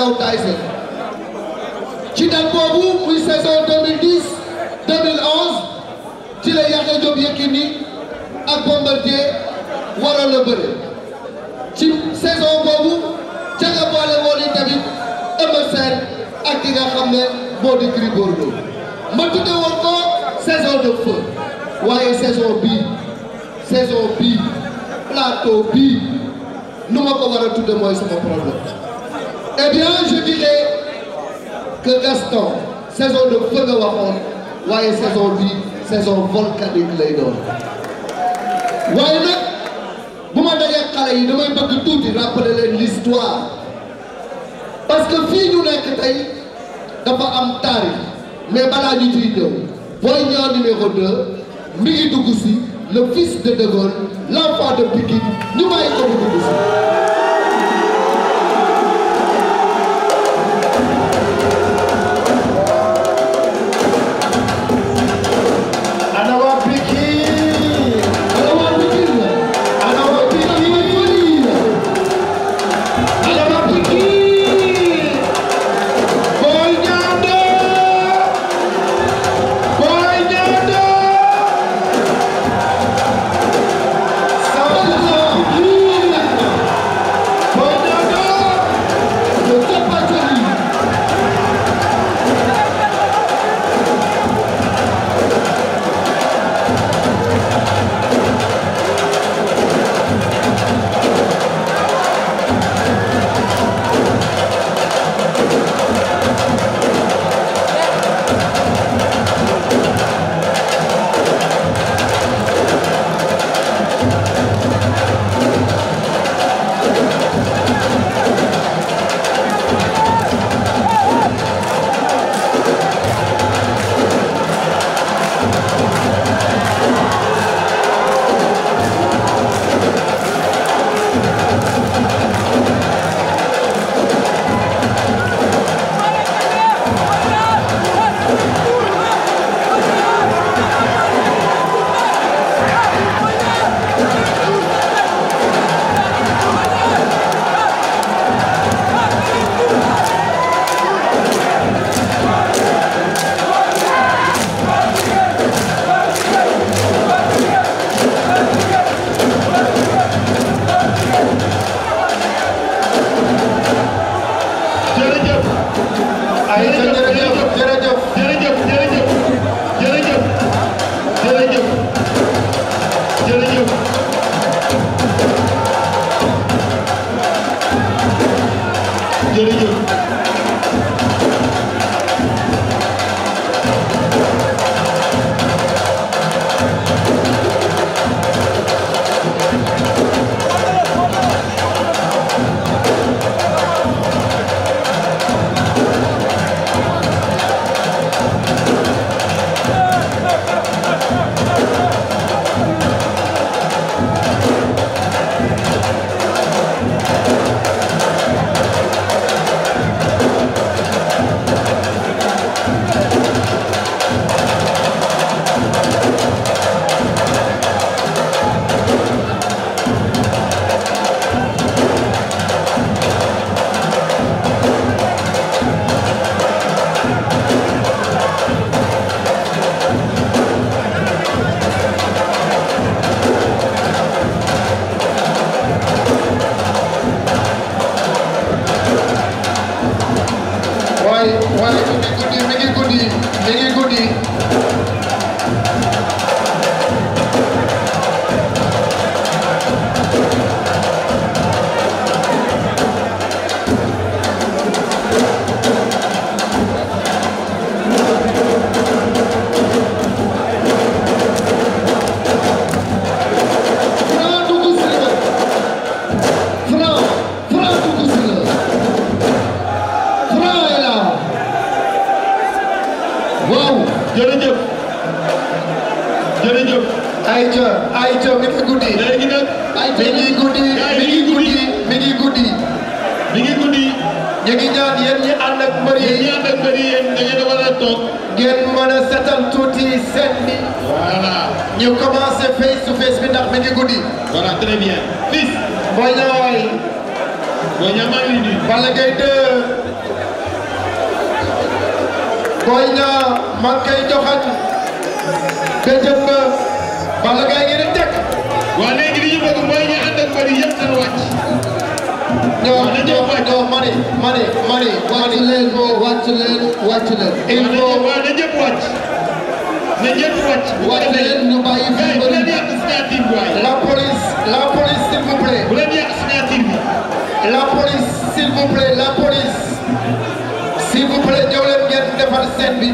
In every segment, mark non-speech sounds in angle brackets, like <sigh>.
Ndaw ci dal boobu muy saison 2010 2011 ci la Yaxya Diop Yékini ak Bombardier waroon la bëre ci saison boobu ca nga boole woon tamit Eumeu ak ki nga xam ne moo di Gris ma tudde woon ko saison de feu waaye saison bii saison bii plateau bii nu ma ko war a tudde mooy sama problème Eh bien, je que Gaston, saison de feu nga waaye saison bi saison volcanique lay doon waaye nag bu ma dajee xale yi damay bëgg tuuti rappeler leen l'histoire parce que fii ñu nekk tey dafa am taarix mais balaa ñu ciy ñëw Boy Niang numéro 2 dugg si le fils de De Gaulle de Pikine ñu bàyyi ko dugg si. ñu ngi ñaan yéen ñi ànd ak mbër yi ñi ànd ak mbër yi yéen da ngeen war a toog. ngeen mën a tuuti seen bi. voilà ñu commencé face to face bi ndax mi ngi guddi. voilà très bien. Liss. Boy Niang waay. Boy Niang maa ngi nii. Balla Gaye 2. Boy Niang maa ngi koy joxat. te jëm ba. Balla Gaye ngeen di teg. waa léegi li ñu bëgg ñoo ñoo ñoo mani mani mani. wàcc leen wàcc leen wàcc leen. il faut waaw na ñëpp wàcc. na ñëpp wàcc. wàcc leen ñu bàyyi fii ba la police la police s'il police s'il vous plaît la police. defar scène bi.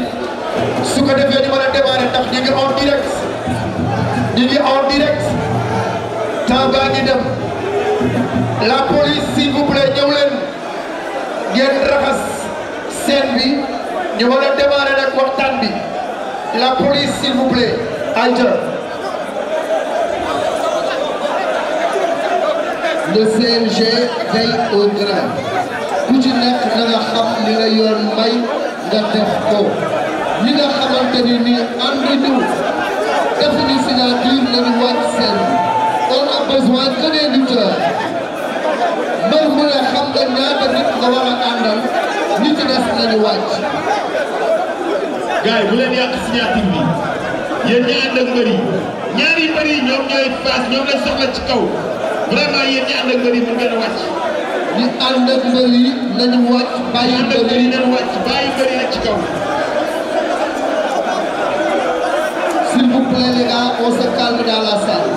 su defee ñu mën a démarrer ndax ñu ngi en direct. ñu ngi en dem. la police s'il vous plaît ñëw leen ngeen raxas scène bi ñu war a démarrer nag waxtaan bi la police s'il vous plaît ayca le CNG veille au grain ku ci nekk na nga xam li la yoon nga def ko li nga xamante ni nii ànduñu defuñu signature nañu wàcc seen on a besoin que des lutteurs mbër mu ne xam nga ñaata nit nga war a àndal ñi ci des nañu wàcc. gars yi bu leen yàq signature bi yéen ñi ànd ak mbër yi ñaari mbër yi ñoom ñooy paas ñoom lañ soxla ci kaw vraiment yéen ñi ànd ak mbër yi mu ngeen wàcc. ñi ànd ak mbër yi nañu wàcc bàyyi mbër yi nañu wàcc bàyyi mbër yi ci kaw. s'il vous plaît les gars on se calme dans la salle.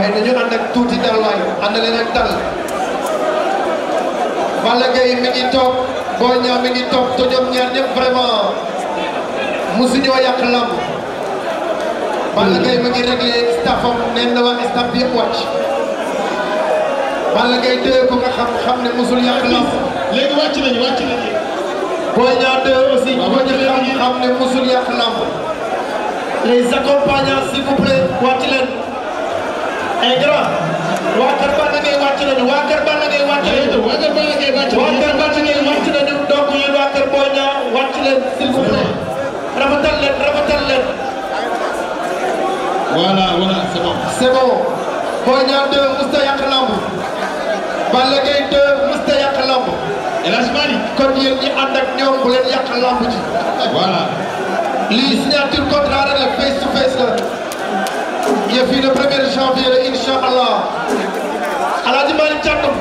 waaye dañu ànd ak tuuti dal waay ànd leen ak dal Balla Gaye mi ngi toog Boy Niang mi ngi toog te ñoom ñaar ñëpp vraiment mosuñoo yàq lamb Balla Gaye mi ngi réglé staffam neen na waa staff bi yëpp wàcc ko nga xam xam ne mosul yàq lamb léegi wàcc nañu wàcc nañu Boy Niang 2 aussi ko ñu xam xam ne mosul yàq lamb les accompagnants s'il vous plaît wàcc leen ay grand waa kër Balla Gaye wàcc nañu waa kër Balla Gaye wàcc nañu waa kër Balla Gaye wàcc nañu waa kër Balla Gaye wàcc nañu donc yéen waa kër Boy Niang wàcc leen s'il vous plaît rafetal leen rafetal leen voilà voilà c'est bon c'est bon Boy Niang 2 musta yàq lamb Balla Gaye 2 musta yàq lamb elagement kon yéen ñi ànd ak ñoom bu leen yàq lamb ci voilà lii signature contrat rek la face to face la yëf yi le premier janvier la incha allah El Hadj Malick Thiandoum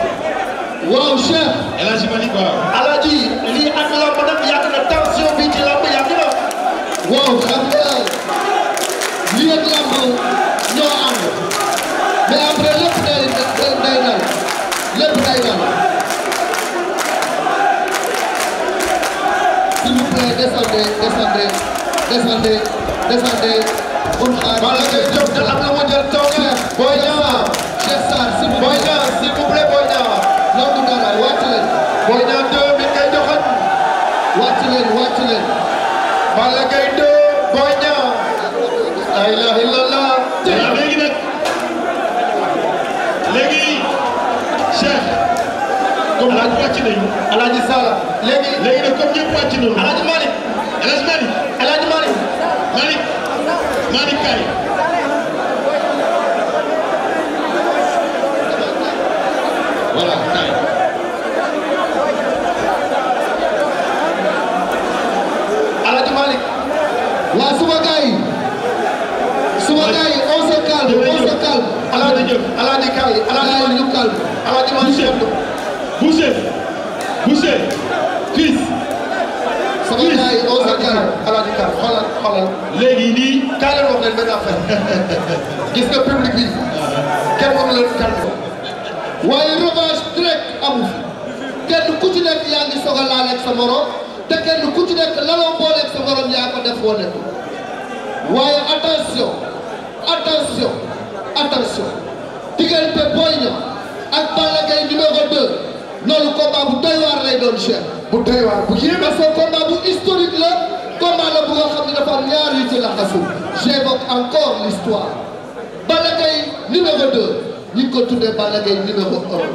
waaw chef El Hadj Malick waaw El Hadj lii ak lamb nag yàgg na tension bi ci lamb yàgg na waaw xam nga lii ak lamb ñoo ànd mais après lépp day day dal lépp day dal s'il vous plaît descendez descendez descendez Boña Cheikh Sarr si Boña s'il vous plaît Boña nangu dara wàcc leen Boña 2 mi ngay joxoon wàcc leen wàcc leen la ilaha illallah léegi nag léegi Cheikh comme nag wàcc nañu Alaaji Sala léegi léegi nag comme ñëpp wàcc nañu Alaaji Malick Alaaji Malick Alaaji xoolal léegi nii kaa wax leen benn affaire <laughs> gis nga public bi kenn waru leen tànn waaye kenn ku ci nekk yaa ngi a laal ak sa morom te kenn ku ci nekk laloo boole ak sa morom yaa ko def wane ko waaye attention attention attention diggante Boy Niang ak Balla Gaye numéro 2 loolu combat bu doy lay doon cher bu doy bu yéeme soo combat bu historique la. combat la bu nga xam ne dafa am ñaar yu ci laxasu j'évoque encore l'histoire Balla numéro 2 ñu ngi ko numéro 1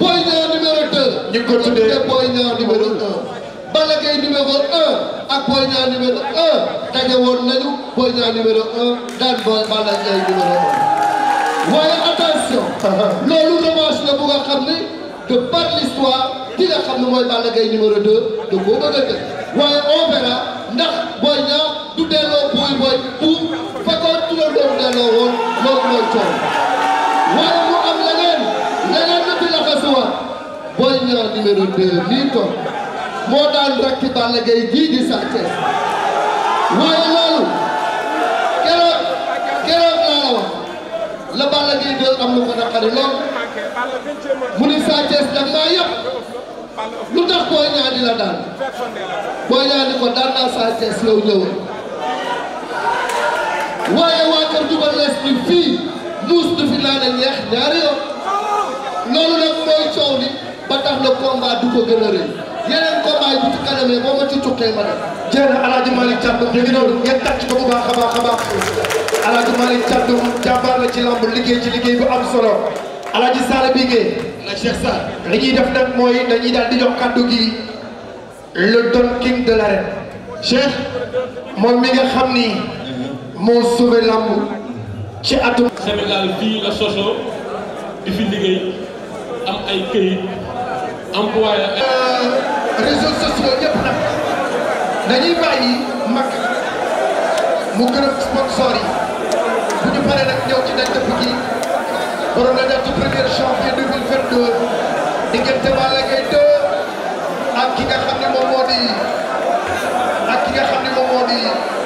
Boy numéro 2. ñu Boy Niang numéro 1. Balla Gaye Boy Niang numéro 1 daje Boy Niang numéro 1 waaye attention <laughs> loolu revanche la bu nga xam ne de par l'histoire ki nga xam ne mooy Balla numéro 2 de boobu nga def booy ñaaw du delloo buy booy bu fekkoon turam doon delloo woon loolu mooy coow wala mu am leneen leneen la fi la ko booy ñaaw numéro 2 nii toog moo daan rakki Balla Gaye gii di Sa waaye loolu keroog keroog laa la wax la Balla Gaye doon am lu ko naqari lool mu ni Sa Thiès daf lu tax Boy Niang di la daan Boy Niang di ko daan naa Sa Thiès yow waaye waa kër Double Less bi fii du fi naan a ñeex ñaari yoon mooy coow li ba tax na combat du ko gën a rëy yeneen combat yi bu ci kanamee boo ma ci tukkee ma dem. jërëjëf El Hadj Malick Thiandoum léegi noonu ngeen tàcc ko bu baax a baax a baax El Hadj Malick Thiandoum jàmbaar la ci lamb liggéey ci liggéey bu am solo. Alaaji Sall Bigué la li ñuy def nag mooy dañuy daal di jox kàddu gi le Don King de l'arène moom mi nga xam ni moo sauvé lamb ci atum. Sénégal fii la soso di fi liggéey am ay këyit employé. Euh, réseaux sociaux yëpp nag dañuy bàyyi mag mu gërëm sponsor yi bu ñu paree nag ñëw ci dañ dëpp gi. waroon na def ci premier janvier 2022 diggante Balla Gaye 2 ak ki nga xam ne moom moo xam ne moom moo